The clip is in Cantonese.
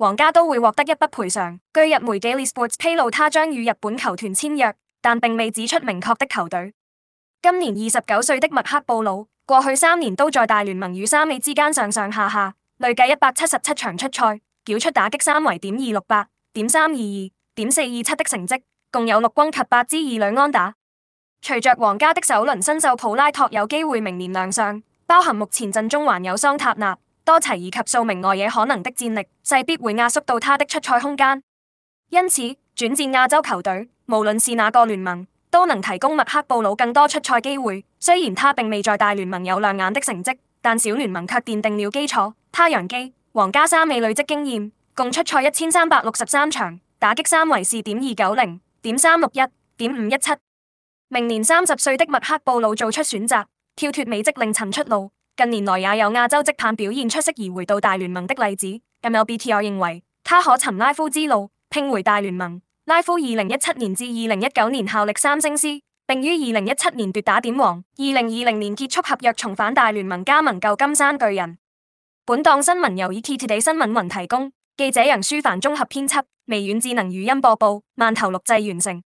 皇家都會獲得一筆賠償。據日媒 Daily Sports 披露，他將與日本球團簽約，但並未指出明確的球隊。今年二十九歲的麥克布魯，過去三年都在大聯盟與三美之間上上下下，累計一百七十七場出賽，繳出打擊三圍點二六八、點三二二、點四二七的成績，共有六轟及八支二壘安打。隨着皇家的首輪新秀普拉托有機會明年亮相，包含目前陣中還有桑塔納。多齊以及數名外野可能的戰力，勢必會壓縮到他的出賽空間。因此，轉戰亞洲球隊，無論是哪個聯盟，都能提供麥克布魯更多出賽機會。雖然他並未在大聯盟有亮眼的成績，但小聯盟卻奠定了基礎。他洋基、皇家三美累積經驗，共出賽一千三百六十三場，打擊三圍是點二九零、點三六一、點五一七。明年三十歲的麥克布魯做出選擇，跳脫美職另尋出路。近年來也有亞洲職棒表現出色而回到大聯盟的例子，MLBTR 認為他可循拉夫之路拼回大聯盟。拉夫二零一七年至二零一九年效力三星獅，并於二零一七年奪打點王，二零二零年結束合約重返大聯盟加盟舊金山巨人。本檔新聞由 ETtoday 新聞雲提供，記者楊書凡綜合編輯，微軟智能語音播報，饅頭錄製完成。